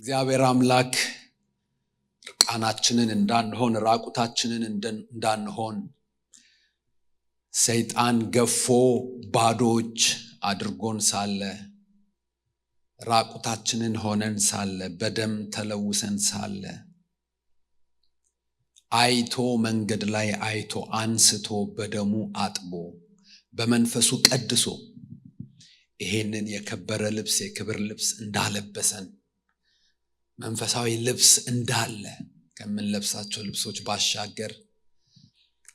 እግዚአብሔር አምላክ እርቃናችንን እንዳንሆን ራቁታችንን እንዳንሆን ሰይጣን ገፎ ባዶች አድርጎን ሳለ ራቁታችንን ሆነን ሳለ በደም ተለውሰን ሳለ አይቶ መንገድ ላይ አይቶ አንስቶ በደሙ አጥቦ በመንፈሱ ቀድሶ ይሄንን የከበረ ልብስ የክብር ልብስ እንዳለበሰን መንፈሳዊ ልብስ እንዳለ ከምንለብሳቸው ልብሶች ባሻገር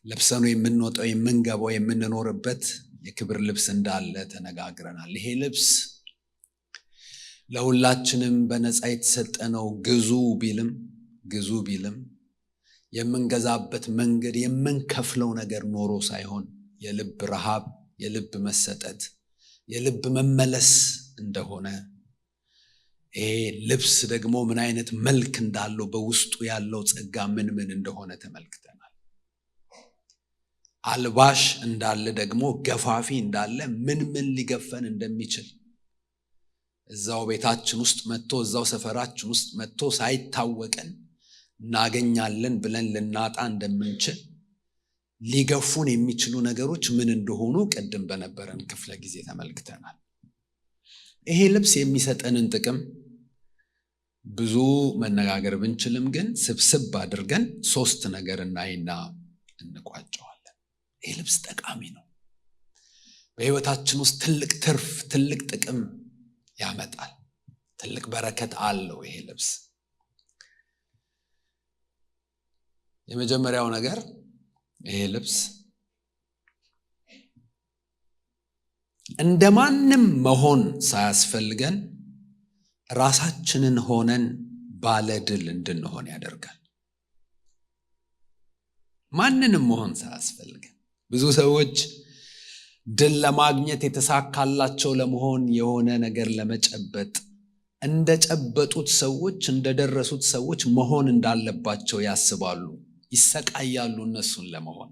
ለብሰኑ የምንወጣው የምንገባው የምንኖርበት የክብር ልብስ እንዳለ ተነጋግረናል። ይሄ ልብስ ለሁላችንም በነፃ የተሰጠ ነው። ግዙ ቢልም ግዙ ቢልም የምንገዛበት መንገድ የምንከፍለው ነገር ኖሮ ሳይሆን የልብ ረሃብ፣ የልብ መሰጠት፣ የልብ መመለስ እንደሆነ ይሄ ልብስ ደግሞ ምን አይነት መልክ እንዳለው በውስጡ ያለው ጸጋ ምን ምን እንደሆነ ተመልክተናል። አልባሽ እንዳለ ደግሞ ገፋፊ እንዳለ ምን ምን ሊገፈን እንደሚችል እዛው ቤታችን ውስጥ መጥቶ እዛው ሰፈራችን ውስጥ መጥቶ ሳይታወቀን እናገኛለን ብለን ልናጣ እንደምንችል ሊገፉን የሚችሉ ነገሮች ምን እንደሆኑ ቅድም በነበረን ክፍለ ጊዜ ተመልክተናል። ይሄ ልብስ የሚሰጠንን ጥቅም ብዙ መነጋገር ብንችልም ግን ስብስብ አድርገን ሶስት ነገር እናይና እንቋጨዋለን። ይህ ልብስ ጠቃሚ ነው። በህይወታችን ውስጥ ትልቅ ትርፍ፣ ትልቅ ጥቅም ያመጣል። ትልቅ በረከት አለው ይሄ ልብስ። የመጀመሪያው ነገር ይሄ ልብስ እንደ ማንም መሆን ሳያስፈልገን ራሳችንን ሆነን ባለድል እንድንሆን ያደርጋል። ማንንም መሆን ሳያስፈልገን ብዙ ሰዎች ድል ለማግኘት የተሳካላቸው ለመሆን የሆነ ነገር ለመጨበጥ እንደጨበጡት ሰዎች እንደደረሱት ሰዎች መሆን እንዳለባቸው ያስባሉ። ይሰቃያሉ እነሱን ለመሆን።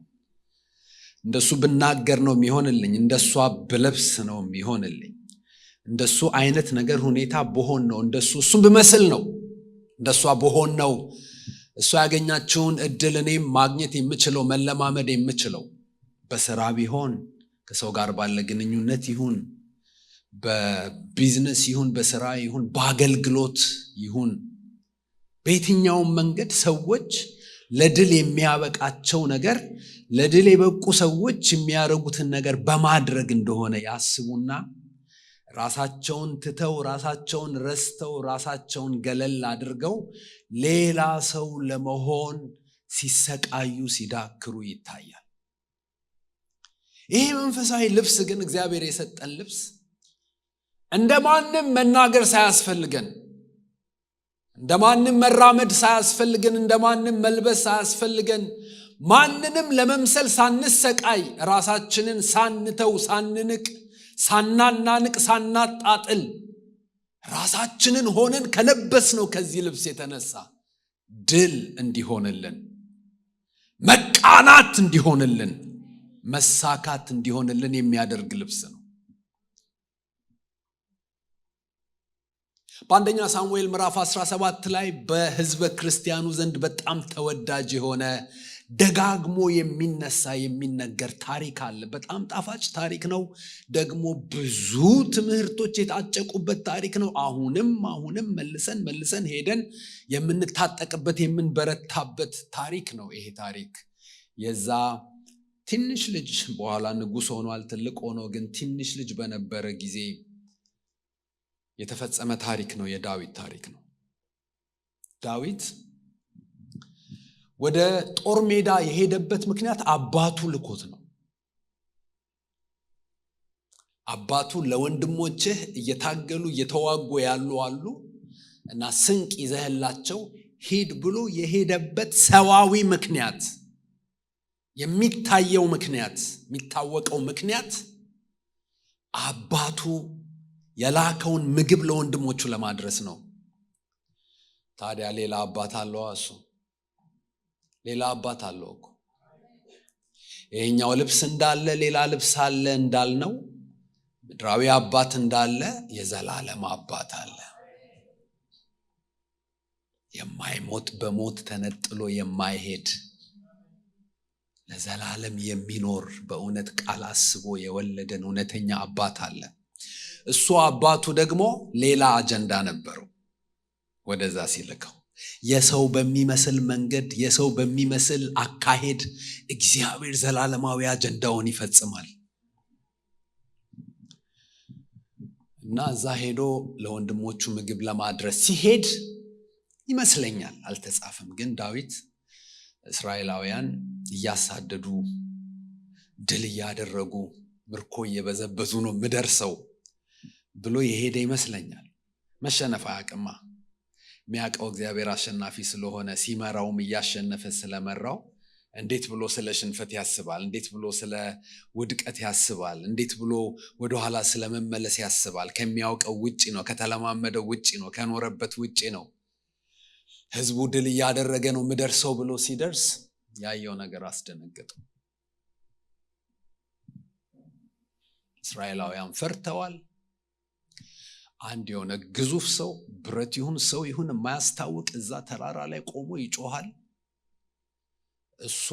እንደሱ ብናገር ነው የሚሆንልኝ፣ እንደሷ ብለብስ ነው የሚሆንልኝ እንደሱ አይነት ነገር ሁኔታ በሆን ነው እንደሱ እሱም ብመስል ነው እንደሷ በሆን ነው እሷ ያገኛችውን እድል እኔም ማግኘት የምችለው መለማመድ የምችለው በስራ ቢሆን ከሰው ጋር ባለ ግንኙነት ይሁን በቢዝነስ ይሁን በስራ ይሁን በአገልግሎት ይሁን በየትኛውም መንገድ ሰዎች ለድል የሚያበቃቸው ነገር ለድል የበቁ ሰዎች የሚያደርጉትን ነገር በማድረግ እንደሆነ ያስቡና ራሳቸውን ትተው ራሳቸውን ረስተው ራሳቸውን ገለል አድርገው ሌላ ሰው ለመሆን ሲሰቃዩ ሲዳክሩ ይታያል። ይሄ መንፈሳዊ ልብስ ግን እግዚአብሔር የሰጠን ልብስ እንደ ማንም መናገር ሳያስፈልገን፣ እንደ ማንም መራመድ ሳያስፈልገን፣ እንደ ማንም መልበስ ሳያስፈልገን ማንንም ለመምሰል ሳንሰቃይ ራሳችንን ሳንተው ሳንንቅ ሳናናንቅ ሳናጣጥል ራሳችንን ሆነን ከለበስ ነው ከዚህ ልብስ የተነሳ ድል እንዲሆንልን መቃናት እንዲሆንልን መሳካት እንዲሆንልን የሚያደርግ ልብስ ነው። በአንደኛ ሳሙኤል ምዕራፍ 17 ላይ በህዝበ ክርስቲያኑ ዘንድ በጣም ተወዳጅ የሆነ ደጋግሞ የሚነሳ የሚነገር ታሪክ አለ። በጣም ጣፋጭ ታሪክ ነው። ደግሞ ብዙ ትምህርቶች የታጨቁበት ታሪክ ነው። አሁንም አሁንም መልሰን መልሰን ሄደን የምንታጠቅበት የምንበረታበት ታሪክ ነው። ይሄ ታሪክ የዛ ትንሽ ልጅ በኋላ ንጉስ ሆኗል፣ ትልቅ ሆኖ ግን ትንሽ ልጅ በነበረ ጊዜ የተፈጸመ ታሪክ ነው። የዳዊት ታሪክ ነው። ዳዊት ወደ ጦር ሜዳ የሄደበት ምክንያት አባቱ ልኮት ነው። አባቱ ለወንድሞችህ እየታገሉ እየተዋጉ ያሉ አሉ እና ስንቅ ይዘህላቸው ሂድ ብሎ የሄደበት ሰዋዊ ምክንያት የሚታየው ምክንያት የሚታወቀው ምክንያት አባቱ የላከውን ምግብ ለወንድሞቹ ለማድረስ ነው። ታዲያ ሌላ አባት አለዋ እሱ ሌላ አባት አለው እኮ። ይሄኛው ልብስ እንዳለ ሌላ ልብስ አለ እንዳልነው ምድራዊ አባት እንዳለ የዘላለም አባት አለ። የማይሞት በሞት ተነጥሎ የማይሄድ ለዘላለም የሚኖር በእውነት ቃል አስቦ የወለደን እውነተኛ አባት አለ። እሱ አባቱ ደግሞ ሌላ አጀንዳ ነበረው ወደዛ ሲልከው የሰው በሚመስል መንገድ የሰው በሚመስል አካሄድ እግዚአብሔር ዘላለማዊ አጀንዳውን ይፈጽማል እና እዛ ሄዶ ለወንድሞቹ ምግብ ለማድረስ ሲሄድ ይመስለኛል አልተጻፈም፣ ግን ዳዊት እስራኤላውያን እያሳደዱ ድል እያደረጉ ምርኮ እየበዘበዙ ነው ምደርሰው ብሎ የሄደ ይመስለኛል። መሸነፍ አያውቅማ። የሚያውቀው እግዚአብሔር አሸናፊ ስለሆነ ሲመራውም እያሸነፈ ስለመራው እንዴት ብሎ ስለ ሽንፈት ያስባል? እንዴት ብሎ ስለ ውድቀት ያስባል? እንዴት ብሎ ወደኋላ ስለመመለስ ያስባል? ከሚያውቀው ውጭ ነው። ከተለማመደው ውጭ ነው። ከኖረበት ውጭ ነው። ህዝቡ ድል እያደረገ ነው ምደርሰው ብሎ ሲደርስ ያየው ነገር አስደነገጡ። እስራኤላውያን ፈርተዋል። አንድ የሆነ ግዙፍ ሰው ብረት ይሁን ሰው ይሁን የማያስታውቅ እዛ ተራራ ላይ ቆሞ ይጮሃል። እሱ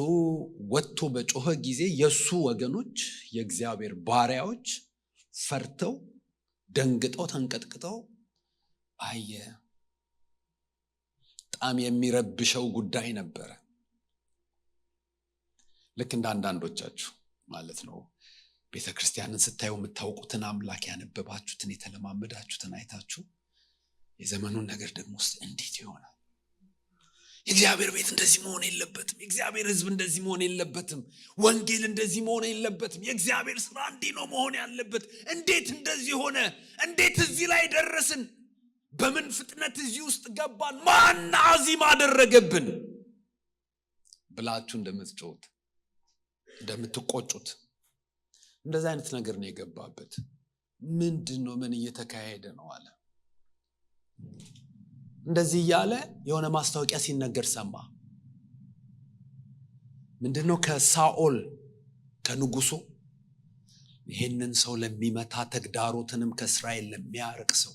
ወጥቶ በጮኸ ጊዜ የእሱ ወገኖች የእግዚአብሔር ባሪያዎች ፈርተው ደንግጠው ተንቀጥቅጠው አየ። በጣም የሚረብሸው ጉዳይ ነበረ። ልክ እንደ አንዳንዶቻችሁ ማለት ነው ቤተ ክርስቲያንን ስታዩ የምታውቁትን አምላክ ያነበባችሁትን የተለማመዳችሁትን አይታችሁ የዘመኑን ነገር ደግሞ ውስጥ እንዴት ይሆናል? የእግዚአብሔር ቤት እንደዚህ መሆን የለበትም። የእግዚአብሔር ህዝብ እንደዚህ መሆን የለበትም። ወንጌል እንደዚህ መሆን የለበትም። የእግዚአብሔር ስራ እንዲህ ነው መሆን ያለበት። እንዴት እንደዚህ ሆነ? እንዴት እዚህ ላይ ደረስን? በምን ፍጥነት እዚህ ውስጥ ገባን? ማን አዚም አደረገብን ብላችሁ እንደምትጮት እንደምትቆጩት እንደዚህ አይነት ነገር ነው የገባበት። ምንድን ነው ምን እየተካሄደ ነው አለ። እንደዚህ እያለ የሆነ ማስታወቂያ ሲነገር ሰማ። ምንድን ነው ከሳኦል ከንጉሱ ይህንን ሰው ለሚመታ ተግዳሮትንም ከእስራኤል ለሚያርቅ ሰው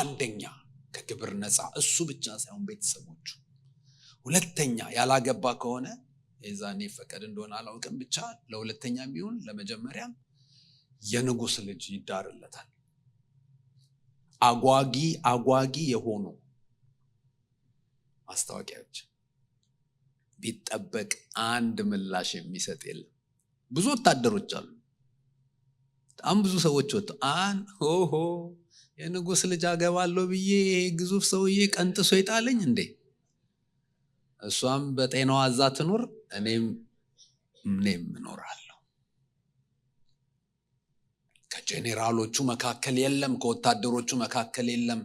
አንደኛ ከግብር ነፃ እሱ ብቻ ሳይሆን ቤተሰቦቹ፣ ሁለተኛ ያላገባ ከሆነ የዛኔ ፈቀድ እንደሆነ አላውቅም። ብቻ ለሁለተኛ ቢሆን ለመጀመሪያም የንጉስ ልጅ ይዳርለታል። አጓጊ አጓጊ የሆኑ ማስታወቂያዎች ቢጠበቅ አንድ ምላሽ የሚሰጥ የለም። ብዙ ወታደሮች አሉ። በጣም ብዙ ሰዎች ወጥ አን ሆሆ የንጉስ ልጅ አገባለሁ ብዬ ይሄ ግዙፍ ሰውዬ ቀንጥሶ ይጣለኝ እንዴ? እሷም በጤናዋ እዛ ትኑር። እኔም እኔም እኖራለሁ። ከጄኔራሎቹ መካከል የለም፣ ከወታደሮቹ መካከል የለም።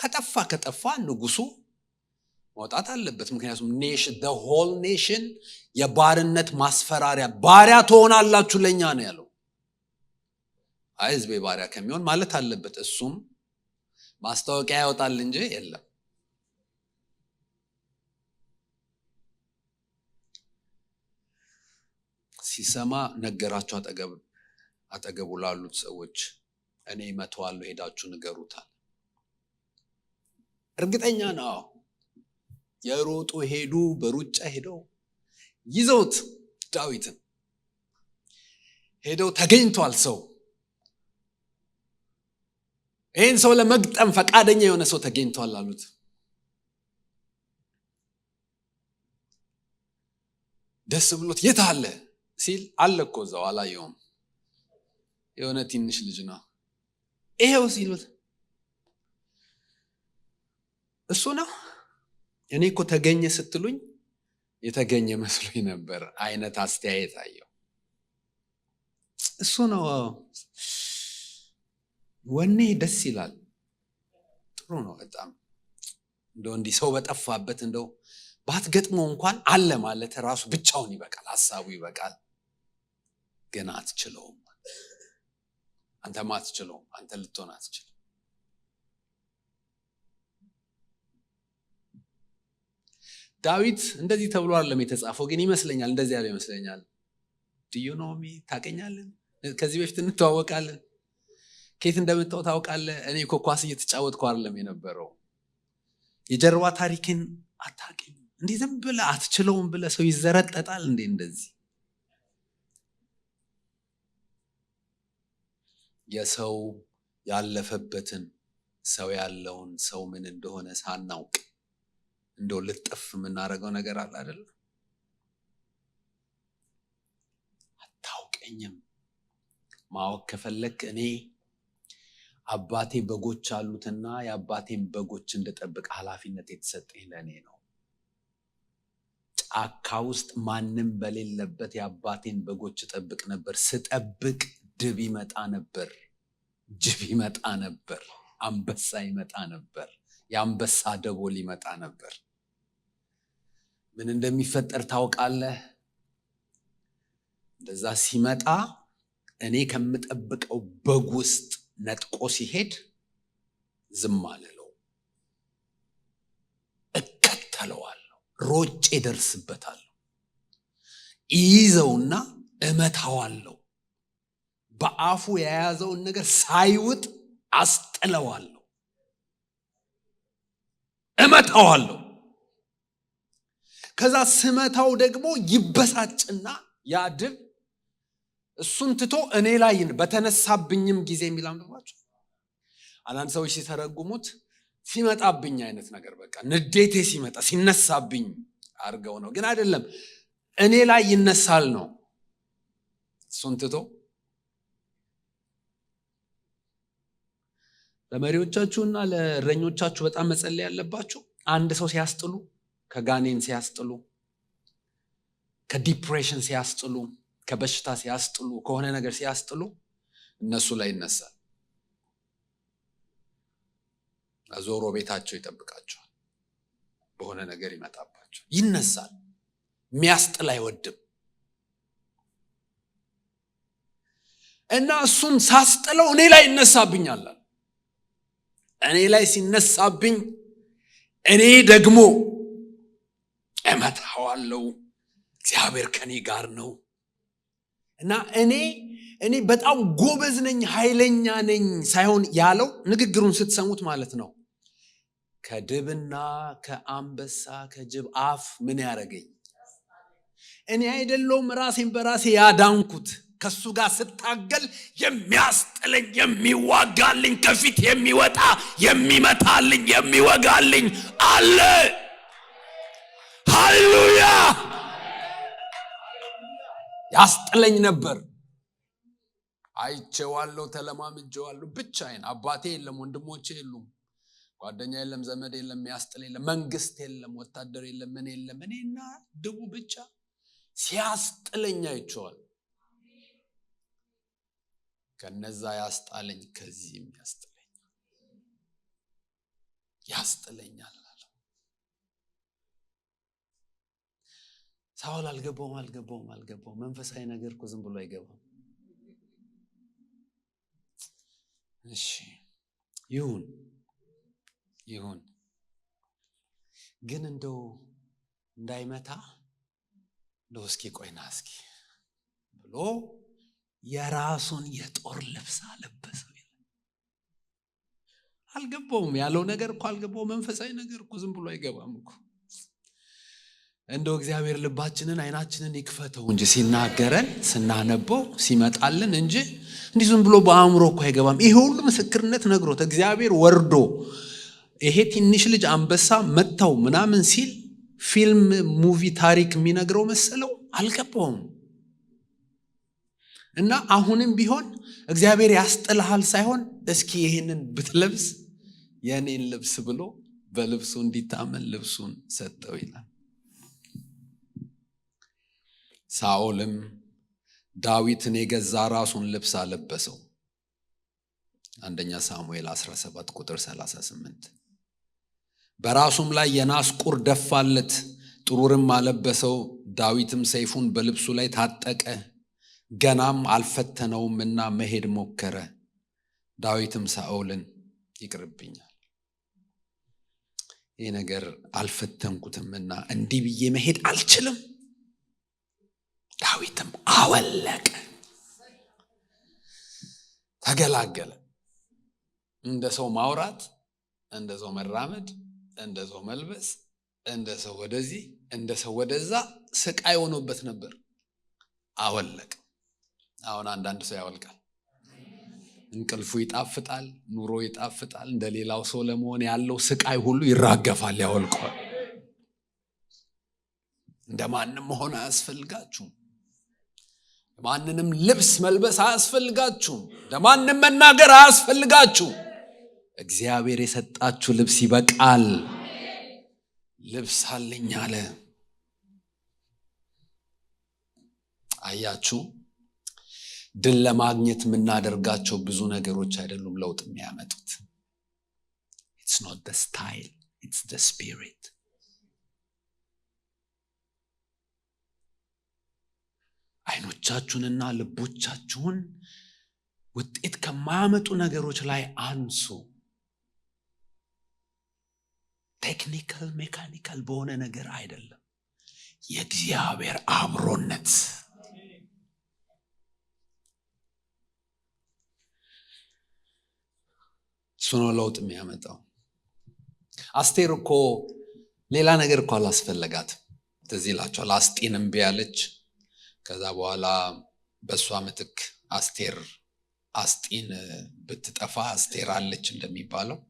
ከጠፋ ከጠፋ ንጉሱ መውጣት አለበት። ምክንያቱም ኔሽን ሆል ኔሽን የባርነት ማስፈራሪያ ባሪያ ትሆናላችሁ ለእኛ ነው ያለው። አይ ህዝቤ ባሪያ ከሚሆን ማለት አለበት። እሱም ማስታወቂያ ያወጣል እንጂ የለም ሲሰማ ነገራቸው አጠገቡ ላሉት ሰዎች እኔ እመተዋለሁ ሄዳችሁ ንገሩታል። እርግጠኛ ነው። የሮጡ ሄዱ፣ በሩጫ ሄደው ይዘውት ዳዊትን ሄደው ተገኝቷል። ሰው ይህን ሰው ለመግጠም ፈቃደኛ የሆነ ሰው ተገኝቷል አሉት። ደስ ብሎት የት አለ ሲል አለ እኮ እዛው አላየውም። የሆነ ትንሽ ልጅ ነው ይሄው ሲሉት እሱ ነው። እኔ እኮ ተገኘ ስትሉኝ የተገኘ መስሎኝ ነበር አይነት አስተያየት አየው። እሱ ነው። ወኔ ደስ ይላል። ጥሩ ነው በጣም እንደው እንዲህ ሰው በጠፋበት እንደው ባትገጥመው እንኳን አለ ማለት ራሱ ብቻውን ይበቃል፣ ሀሳቡ ይበቃል። ግን አትችለውም። አንተም አትችለውም። አንተ ልትሆን አትችልም። ዳዊት እንደዚህ ተብሎ አለም የተጻፈው፣ ግን ይመስለኛል እንደዚህ ያለው ይመስለኛል። ዲዩኖሚ ታገኛለን። ከዚህ በፊት እንተዋወቃለን። ከየት እንደምጠው ታውቃለ እኔ ኮኳስ ኳስ እየተጫወትኩ የነበረው። የጀርባ ታሪክን አታውቅም። እንዲህ ዝም አትችለውም ብለ ሰው ይዘረጠጣል እንዴ እንደዚህ የሰው ያለፈበትን ሰው ያለውን ሰው ምን እንደሆነ ሳናውቅ እንደው ልጥፍ የምናደርገው ነገር አለ አይደለም። አታውቀኝም። ማወቅ ከፈለግ እኔ አባቴ በጎች አሉትና የአባቴን በጎች እንደጠብቅ ኃላፊነት የተሰጠኝ ለእኔ ነው። ጫካ ውስጥ ማንም በሌለበት የአባቴን በጎች እጠብቅ ነበር። ስጠብቅ ድብ ይመጣ ነበር፣ ጅብ ይመጣ ነበር፣ አንበሳ ይመጣ ነበር፣ የአንበሳ ደቦል ይመጣ ነበር። ምን እንደሚፈጠር ታውቃለህ? እንደዛ ሲመጣ እኔ ከምጠብቀው በግ ውስጥ ነጥቆ ሲሄድ ዝም አልለው፣ እከተለዋለሁ፣ ሮጬ ደርስበታለሁ፣ ይይዘውና እመታዋለሁ በአፉ የያዘውን ነገር ሳይውጥ አስጥለዋለሁ፣ እመታዋለሁ። ከዛ ስመታው ደግሞ ይበሳጭና ያ ድብ እሱን ትቶ እኔ ላይ በተነሳብኝም ጊዜ የሚላም አንዳንድ ሰዎች ሲተረጉሙት ሲመጣብኝ አይነት ነገር በቃ ንዴቴ ሲመጣ ሲነሳብኝ አርገው ነው። ግን አይደለም፣ እኔ ላይ ይነሳል ነው እሱን ትቶ ለመሪዎቻችሁና ለእረኞቻችሁ በጣም መጸለይ ያለባችሁ አንድ ሰው ሲያስጥሉ፣ ከጋኔን ሲያስጥሉ፣ ከዲፕሬሽን ሲያስጥሉ፣ ከበሽታ ሲያስጥሉ፣ ከሆነ ነገር ሲያስጥሉ እነሱ ላይ ይነሳል። ዞሮ ቤታቸው ይጠብቃቸዋል። በሆነ ነገር ይመጣባቸው ይነሳል። የሚያስጥል አይወድም እና እሱን ሳስጥለው እኔ ላይ ይነሳብኛል። እኔ ላይ ሲነሳብኝ እኔ ደግሞ እመታዋለው እግዚአብሔር ከኔ ጋር ነው እና እኔ እኔ በጣም ጎበዝ ነኝ ኃይለኛ ነኝ ሳይሆን ያለው ንግግሩን ስትሰሙት ማለት ነው ከድብና ከአንበሳ ከጅብ አፍ ምን ያደረገኝ እኔ አይደለውም ራሴን በራሴ ያዳንኩት ከሱ ጋር ስታገል የሚያስጥልኝ የሚዋጋልኝ ከፊት የሚወጣ የሚመታልኝ የሚወጋልኝ አለ። ሃሌሉያ! ያስጥለኝ ነበር። አይቼዋለሁ፣ ብቻ ብቻዬን አባቴ የለም፣ ወንድሞቼ የሉም፣ ጓደኛ የለም፣ ዘመድ የለም፣ ያስጥል የለም፣ መንግስት የለም፣ ወታደር የለም፣ ምን የለም፣ እኔና ድቡ ብቻ ሲያስጥለኝ አይቸዋል ከነዛ ያስጣለኝ ከዚህም ያስጥለኝ ያስጥለኛል አለ። ሳውል አልገባውም አልገባውም አልገባውም። መንፈሳዊ ነገር እኮ ዝም ብሎ አይገባም። እሺ ይሁን ይሁን፣ ግን እንደው እንዳይመታ እንደው እስኪ ቆይና እስኪ ብሎ የራሱን የጦር ልብስ አለበሰው። አልገባውም ያለው ነገር እኮ አልገባው። መንፈሳዊ ነገር እኮ ዝም ብሎ አይገባም እኮ። እንደው እግዚአብሔር ልባችንን አይናችንን ይክፈተው እንጂ ሲናገረን ስናነበው ሲመጣልን እንጂ እንዲህ ዝም ብሎ በአእምሮ እኮ አይገባም። ይሄ ሁሉ ምስክርነት ነግሮት እግዚአብሔር ወርዶ ይሄ ትንሽ ልጅ አንበሳ መጥተው ምናምን ሲል ፊልም ሙቪ ታሪክ የሚነግረው መሰለው። አልገባውም። እና አሁንም ቢሆን እግዚአብሔር ያስጥልሃል ሳይሆን እስኪ ይህንን ብትለብስ የእኔን ልብስ ብሎ በልብሱ እንዲታመን ልብሱን ሰጠው ይላል። ሳኦልም ዳዊትን የገዛ ራሱን ልብስ አለበሰው። አንደኛ ሳሙኤል 17 ቁጥር 38 በራሱም ላይ የናስ ቁር ደፋለት፣ ጥሩርም አለበሰው። ዳዊትም ሰይፉን በልብሱ ላይ ታጠቀ። ገናም አልፈተነውምና መሄድ ሞከረ። ዳዊትም ሳኦልን ይቅርብኛል፣ ይህ ነገር አልፈተንኩትምና እንዲህ ብዬ መሄድ አልችልም። ዳዊትም አወለቀ፣ ተገላገለ። እንደ ሰው ማውራት፣ እንደ ሰው መራመድ፣ እንደ ሰው መልበስ፣ እንደ ሰው ወደዚህ፣ እንደ ሰው ወደዛ ስቃይ ሆኖበት ነበር። አወለቀ። አሁን አንዳንድ ሰው ያወልቃል። እንቅልፉ ይጣፍጣል፣ ኑሮ ይጣፍጣል። እንደ ሌላው ሰው ለመሆን ያለው ስቃይ ሁሉ ይራገፋል፣ ያወልቀዋል። እንደ ማንም መሆን አያስፈልጋችሁም። ማንንም ልብስ መልበስ አያስፈልጋችሁም። ለማንም መናገር አያስፈልጋችሁ። እግዚአብሔር የሰጣችሁ ልብስ ይበቃል። ልብስ አለኝ አለ። አያችሁ። ድል ለማግኘት የምናደርጋቸው ብዙ ነገሮች አይደሉም ለውጥ የሚያመጡት። ኢትስ ኖት ደ ስታይል ኢትስ ደ ስፒሪት። አይኖቻችሁንና ልቦቻችሁን ውጤት ከማያመጡ ነገሮች ላይ አንሱ። ቴክኒካል ሜካኒካል በሆነ ነገር አይደለም። የእግዚአብሔር አብሮነት እሱ ነው ለውጥ የሚያመጣው። አስቴር እኮ ሌላ ነገር እኮ አላስፈለጋት ትዚህ ላቸኋል አስጢንም ቢያለች ከዛ በኋላ በእሷ ምትክ አስቴር አስጢን ብትጠፋ አስቴር አለች እንደሚባለው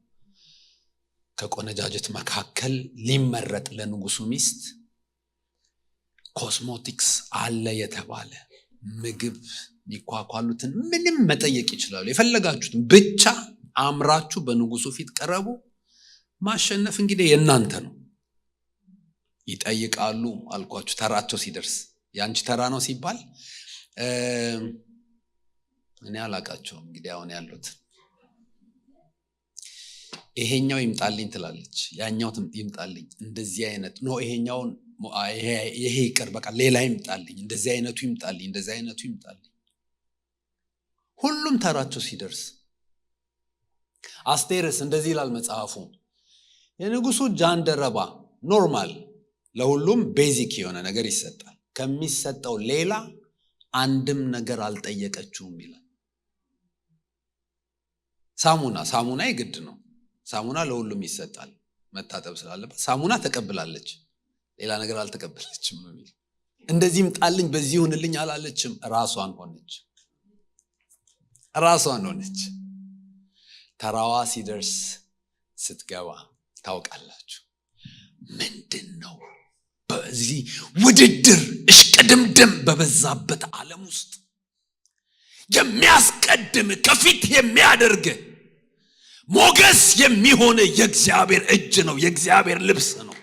ከቆነጃጀት መካከል ሊመረጥ ለንጉሱ ሚስት ኮስሞቲክስ አለ የተባለ ምግብ የሚኳኳሉትን ምንም መጠየቅ ይችላሉ። የፈለጋችሁትን ብቻ አምራችሁ በንጉሱ ፊት ቀረቡ። ማሸነፍ እንግዲህ የእናንተ ነው። ይጠይቃሉ አልኳችሁ። ተራቸው ሲደርስ የአንቺ ተራ ነው ሲባል እኔ አላቃቸው እንግዲህ አሁን ያሉት ይሄኛው ይምጣልኝ ትላለች፣ ያኛው ይምጣልኝ። እንደዚህ አይነት ኖ ይሄኛውን ይሄ ይቅር፣ በቃ ሌላ ይምጣልኝ፣ እንደዚህ አይነቱ ይምጣልኝ፣ እንደዚህ አይነቱ ይምጣልኝ። ሁሉም ተራቸው ሲደርስ አስቴርስ እንደዚህ ይላል መጽሐፉ። የንጉሱ ጃንደረባ ኖርማል፣ ለሁሉም ቤዚክ የሆነ ነገር ይሰጣል። ከሚሰጠው ሌላ አንድም ነገር አልጠየቀችውም ይላል። ሳሙና ሳሙና ይግድ ነው። ሳሙና ለሁሉም ይሰጣል፣ መታጠብ ስላለበት ሳሙና ተቀብላለች፣ ሌላ ነገር አልተቀበለችም ነው የሚል። እንደዚህም ጣልኝ በዚህ ሆንልኝ አላለችም። ራሷን ሆነች ራሷን ሆነች። ተራዋ ሲደርስ ስትገባ ታውቃላችሁ። ምንድን ነው በዚህ ውድድር እሽቅድምድም በበዛበት ዓለም ውስጥ የሚያስቀድም ከፊት የሚያደርግ ሞገስ የሚሆን የእግዚአብሔር እጅ ነው፣ የእግዚአብሔር ልብስ ነው።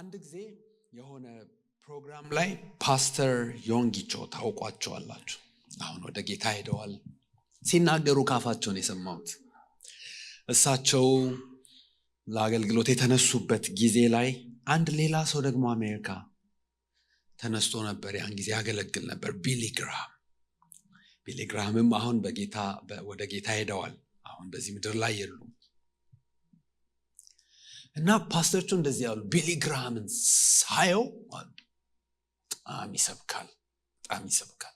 አንድ ጊዜ የሆነ ፕሮግራም ላይ ፓስተር ዮንጊቾ ታውቋቸዋላችሁ። አሁን ወደ ጌታ ሄደዋል። ሲናገሩ ካፋቸውን የሰማሁት እሳቸው ለአገልግሎት የተነሱበት ጊዜ ላይ አንድ ሌላ ሰው ደግሞ አሜሪካ ተነስቶ ነበር። ያን ጊዜ ያገለግል ነበር ቢሊግራም ቢሊግራምም አሁን በጌታ ወደ ጌታ ሄደዋል። አሁን በዚህ ምድር ላይ የሉም እና ፓስተርቹ እንደዚህ ያሉ ቢሊ ግራምን ሳየው በጣም ይሰብካል። በጣም ይሰብካል።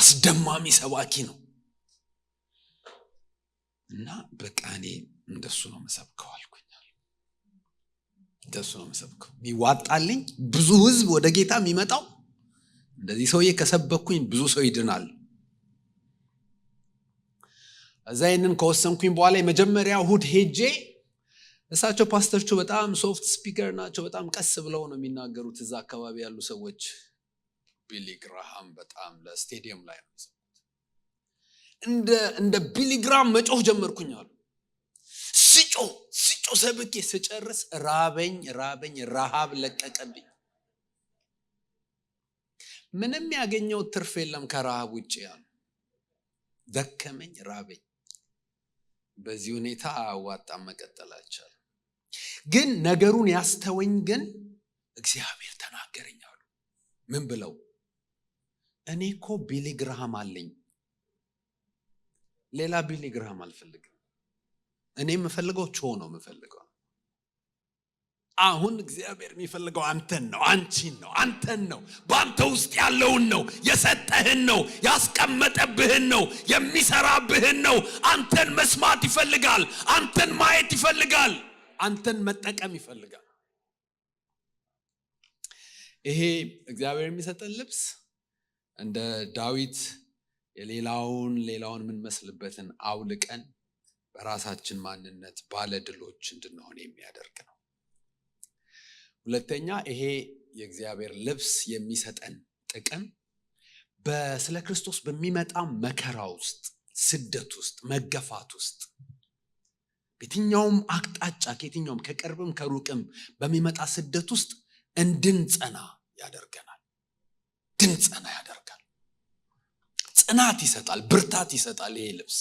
አስደማሚ ሰባኪ ነው እና በቃ እኔ እንደሱ ነው መሰብከው አልኩኛል። እንደሱ ነው መሰብከው የሚዋጣልኝ ብዙ ህዝብ ወደ ጌታ የሚመጣው እንደዚህ ሰውዬ ከሰበኩኝ ብዙ ሰው ይድናል። እዛ ይህንን ከወሰንኩኝ በኋላ የመጀመሪያ ሁድ ሄጄ እሳቸው ፓስተርቹ በጣም ሶፍት ስፒከር ናቸው። በጣም ቀስ ብለው ነው የሚናገሩት። እዛ አካባቢ ያሉ ሰዎች ቢሊ ግራሃም በጣም ለስቴዲየም ላይ ነው እንደ ቢሊግራም መጮህ ጀመርኩኝ አሉ። ስጮ ስጮ ሰብኬ ስጨርስ ራበኝ ራበኝ፣ ረሃብ ለቀቀብኝ። ምንም ያገኘው ትርፍ የለም ከረሃብ ውጭ ያሉ ደከመኝ፣ ራበኝ። በዚህ ሁኔታ አዋጣም መቀጠላቸል ግን ነገሩን ያስተወኝ ግን እግዚአብሔር ተናገረኝ አሉ። ምን ብለው? እኔ ኮ ቢሊ ግርሃም አለኝ፣ ሌላ ቢሊ ግርሃም አልፈልግም። እኔ የምፈልገው ቾ ነው የምፈልገው። አሁን እግዚአብሔር የሚፈልገው አንተን ነው፣ አንቺን ነው፣ አንተን ነው፣ በአንተ ውስጥ ያለውን ነው፣ የሰጠህን ነው፣ ያስቀመጠብህን ነው፣ የሚሰራብህን ነው። አንተን መስማት ይፈልጋል፣ አንተን ማየት ይፈልጋል። አንተን መጠቀም ይፈልጋል። ይሄ እግዚአብሔር የሚሰጠን ልብስ እንደ ዳዊት የሌላውን ሌላውን የምንመስልበትን አውልቀን በራሳችን ማንነት ባለድሎች እንድንሆን የሚያደርግ ነው። ሁለተኛ ይሄ የእግዚአብሔር ልብስ የሚሰጠን ጥቅም በስለ ክርስቶስ በሚመጣ መከራ ውስጥ፣ ስደት ውስጥ፣ መገፋት ውስጥ የትኛውም አቅጣጫ ከየትኛውም ከቅርብም ከሩቅም በሚመጣ ስደት ውስጥ እንድንጸና ያደርገናል። ድንጸና ያደርጋል። ጽናት ይሰጣል፣ ብርታት ይሰጣል። ይሄ ልብስ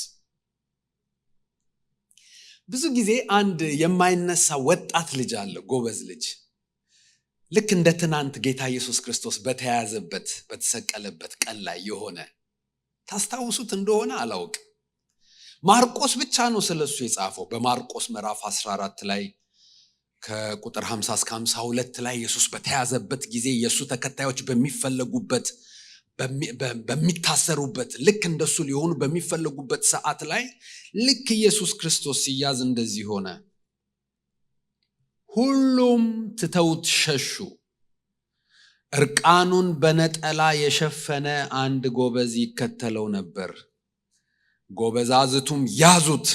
ብዙ ጊዜ አንድ የማይነሳ ወጣት ልጅ አለ፣ ጎበዝ ልጅ ልክ እንደ ትናንት ጌታ ኢየሱስ ክርስቶስ በተያያዘበት በተሰቀለበት ቀን ላይ የሆነ ታስታውሱት እንደሆነ አላውቅም። ማርቆስ ብቻ ነው ስለሱ የጻፈው። በማርቆስ ምዕራፍ 14 ላይ ከቁጥር 50 እስከ 52 ላይ ኢየሱስ በተያዘበት ጊዜ የእሱ ተከታዮች በሚፈለጉበት በሚታሰሩበት ልክ እንደሱ ሊሆኑ በሚፈለጉበት ሰዓት ላይ ልክ ኢየሱስ ክርስቶስ ሲያዝ እንደዚህ ሆነ። ሁሉም ትተውት ሸሹ። እርቃኑን በነጠላ የሸፈነ አንድ ጎበዝ ይከተለው ነበር ጎበዛዝቱም ያዙት፣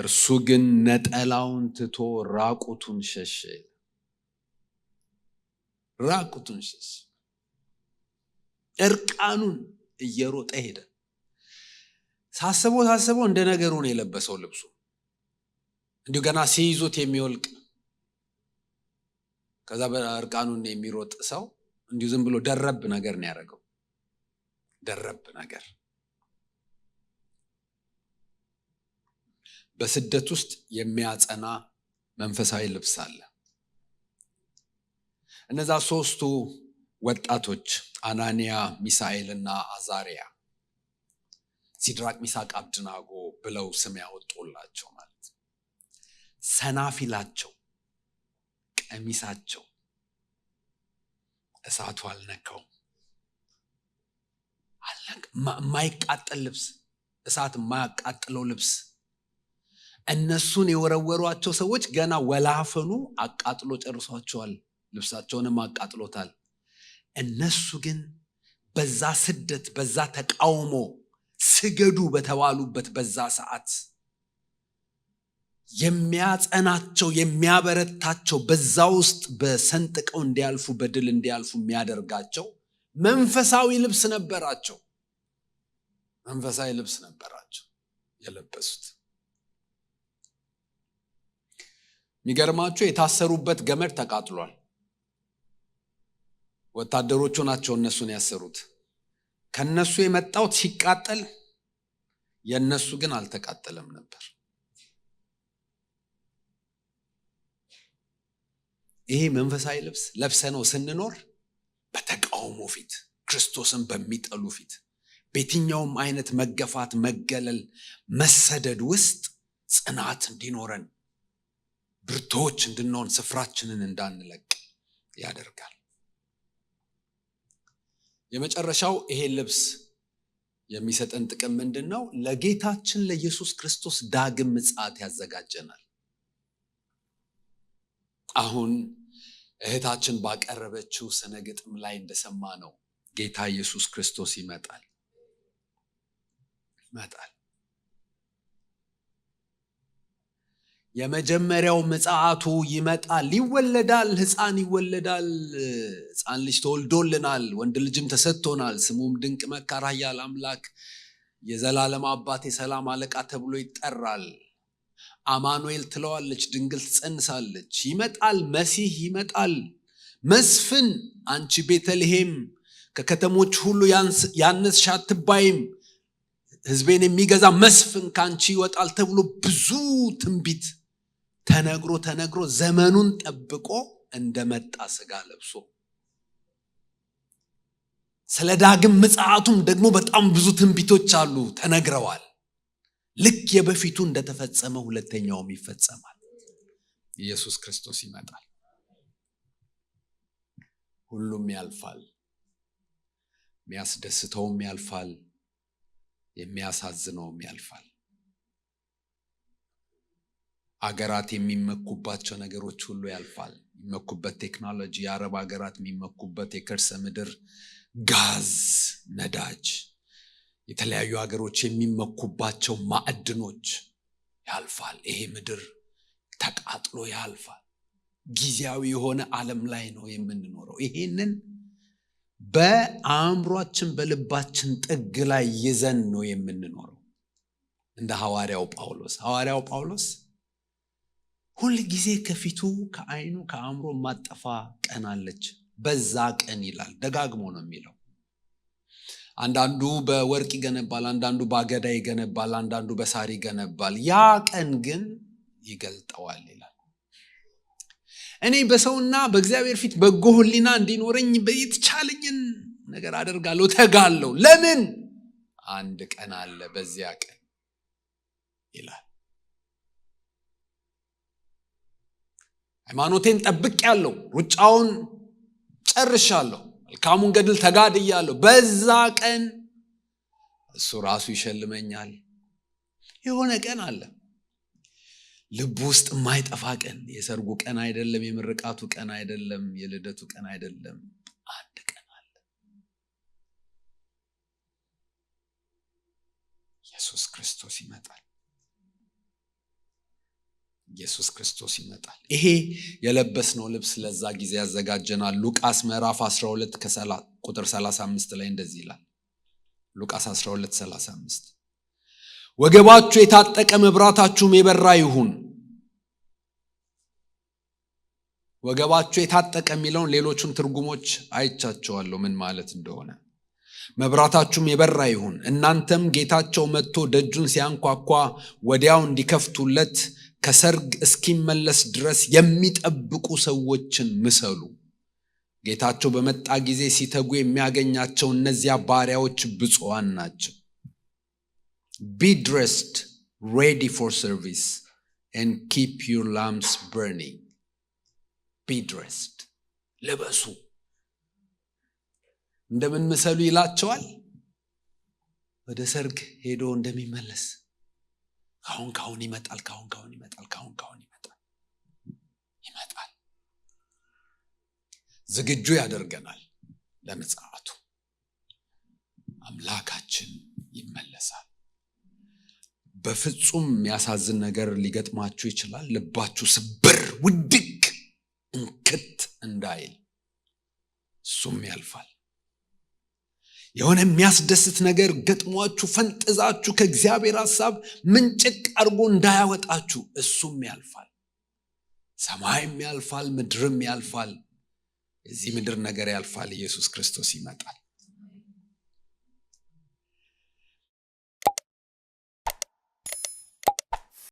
እርሱ ግን ነጠላውን ትቶ ራቁቱን ሸሸ። ራቁቱን ሸሸ። እርቃኑን እየሮጠ ሄደ። ሳስበው ሳስበው እንደ ነገሩ ነው የለበሰው ልብሱ እንዲሁ ገና ሲይዙት የሚወልቅ ከዛ እርቃኑን የሚሮጥ ሰው እንዲሁ ዝም ብሎ ደረብ ነገር ነው ያደረገው። ደረብ ነገር በስደት ውስጥ የሚያጸና መንፈሳዊ ልብስ አለ። እነዛ ሶስቱ ወጣቶች አናንያ፣ ሚሳኤል እና አዛሪያ ሲድራቅ፣ ሚሳቅ፣ አብድናጎ ብለው ስም ያወጡላቸው ማለት ነው። ሰናፊላቸው፣ ቀሚሳቸው እሳቱ አልነካውም። የማይቃጠል ልብስ፣ እሳት የማያቃጥለው ልብስ እነሱን የወረወሯቸው ሰዎች ገና ወላፈኑ አቃጥሎ ጨርሷቸዋል፣ ልብሳቸውንም አቃጥሎታል። እነሱ ግን በዛ ስደት፣ በዛ ተቃውሞ ስገዱ በተባሉበት በዛ ሰዓት የሚያጸናቸው የሚያበረታቸው በዛ ውስጥ በሰንጥቀው እንዲያልፉ በድል እንዲያልፉ የሚያደርጋቸው መንፈሳዊ ልብስ ነበራቸው። መንፈሳዊ ልብስ ነበራቸው የለበሱት። የሚገርማቸው የታሰሩበት ገመድ ተቃጥሏል። ወታደሮቹ ናቸው እነሱን ያሰሩት። ከነሱ የመጣው ሲቃጠል የነሱ ግን አልተቃጠለም ነበር። ይሄ መንፈሳዊ ልብስ ለብሰ ነው ስንኖር በተቃውሞ ፊት ክርስቶስን በሚጠሉ ፊት በየትኛውም አይነት መገፋት፣ መገለል፣ መሰደድ ውስጥ ጽናት እንዲኖረን ብርቶች እንድንሆን ስፍራችንን እንዳንለቅ ያደርጋል። የመጨረሻው ይሄ ልብስ የሚሰጠን ጥቅም ምንድን ነው? ለጌታችን ለኢየሱስ ክርስቶስ ዳግም ምጽአት ያዘጋጀናል። አሁን እህታችን ባቀረበችው ስነ ግጥም ላይ እንደሰማ ነው ጌታ ኢየሱስ ክርስቶስ ይመጣል ይመጣል የመጀመሪያው ምጽአቱ ይመጣል፣ ይወለዳል፣ ህፃን ይወለዳል፣ ህፃን ልጅ ተወልዶልናል፣ ወንድ ልጅም ተሰጥቶናል፣ ስሙም ድንቅ መካር፣ አምላክ፣ የዘላለም አባት፣ የሰላም አለቃ ተብሎ ይጠራል። አማኑኤል ትለዋለች ድንግል ትጸንሳለች። ይመጣል፣ መሲህ ይመጣል። መስፍን አንቺ ቤተልሔም ከከተሞች ሁሉ ያነስሽ አትባይም፣ ህዝቤን የሚገዛ መስፍን ከአንቺ ይወጣል ተብሎ ብዙ ትንቢት ተነግሮ ተነግሮ ዘመኑን ጠብቆ እንደመጣ ስጋ ለብሶ ስለ ዳግም ምጽአቱም ደግሞ በጣም ብዙ ትንቢቶች አሉ፣ ተነግረዋል። ልክ የበፊቱ እንደተፈጸመ ሁለተኛውም ይፈጸማል። ኢየሱስ ክርስቶስ ይመጣል። ሁሉም ያልፋል። የሚያስደስተውም ያልፋል፣ የሚያሳዝነውም ያልፋል። አገራት የሚመኩባቸው ነገሮች ሁሉ ያልፋል። የሚመኩበት ቴክኖሎጂ፣ የአረብ ሀገራት የሚመኩበት የከርሰ ምድር ጋዝ፣ ነዳጅ፣ የተለያዩ ሀገሮች የሚመኩባቸው ማዕድኖች ያልፋል። ይሄ ምድር ተቃጥሎ ያልፋል። ጊዜያዊ የሆነ ዓለም ላይ ነው የምንኖረው። ይሄንን በአእምሯችን በልባችን ጥግ ላይ ይዘን ነው የምንኖረው። እንደ ሐዋርያው ጳውሎስ ሐዋርያው ጳውሎስ ሁል ጊዜ ከፊቱ ከአይኑ ከአእምሮ ማጠፋ ቀን አለች፣ በዛ ቀን ይላል። ደጋግሞ ነው የሚለው። አንዳንዱ በወርቅ ይገነባል፣ አንዳንዱ በአገዳ ይገነባል፣ አንዳንዱ በሳር ይገነባል። ያ ቀን ግን ይገልጠዋል ይላል። እኔ በሰውና በእግዚአብሔር ፊት በጎ ሕሊና እንዲኖረኝ የተቻለኝን ነገር አደርጋለሁ፣ ተጋለው ለምን? አንድ ቀን አለ፣ በዚያ ቀን ይላል ሃይማኖቴን ያለው ሩጫውን ጨርሻለሁ፣ መልካሙን ገድል ተጋድያለሁ፣ በዛ ቀን እሱ ራሱ ይሸልመኛል። የሆነ ቀን አለ ልብ ውስጥ የማይጠፋ ቀን። የሰርጉ ቀን አይደለም፣ የምርቃቱ ቀን አይደለም፣ የልደቱ ቀን አይደለም። አንድ ቀን አለ። ኢየሱስ ክርስቶስ ይመጣል። ኢየሱስ ክርስቶስ ይመጣል። ይሄ የለበስነው ልብስ ለዛ ጊዜ ያዘጋጀናል። ሉቃስ ምዕራፍ 12 ቁጥር 35 ላይ እንደዚህ ይላል። ሉቃስ 12 35 ወገባችሁ የታጠቀ መብራታችሁም የበራ ይሁን። ወገባችሁ የታጠቀ የሚለውን ሌሎቹን ትርጉሞች አይቻቸዋለሁ ምን ማለት እንደሆነ። መብራታችሁም የበራ ይሁን፣ እናንተም ጌታቸው መጥቶ ደጁን ሲያንኳኳ ወዲያው እንዲከፍቱለት ከሰርግ እስኪመለስ ድረስ የሚጠብቁ ሰዎችን ምሰሉ። ጌታቸው በመጣ ጊዜ ሲተጉ የሚያገኛቸው እነዚያ ባሪያዎች ብፁዋን ናቸው። ቢ ድረስድ ሬዲ ፎር ሰርቪስ ን ኪፕ ዩር ላምስ በርኒንግ። ቢ ድረስድ ልበሱ። እንደምን ምሰሉ ይላቸዋል። ወደ ሰርግ ሄዶ እንደሚመለስ ካሁን ካሁን ይመጣል፣ ካሁን ካሁን ይመጣል፣ ካሁን ካሁን ይመጣል ይመጣል። ዝግጁ ያደርገናል ለመጽዋቱ አምላካችን ይመለሳል። በፍጹም የሚያሳዝን ነገር ሊገጥማችሁ ይችላል። ልባችሁ ስብር ውድቅ እንክት እንዳይል እሱም ያልፋል። የሆነ የሚያስደስት ነገር ገጥሟችሁ ፈንጥዛችሁ ከእግዚአብሔር ሀሳብ ምንጭቅ አድርጎ እንዳያወጣችሁ እሱም ያልፋል። ሰማይም ያልፋል፣ ምድርም ያልፋል፣ የዚህ ምድር ነገር ያልፋል። ኢየሱስ ክርስቶስ ይመጣል።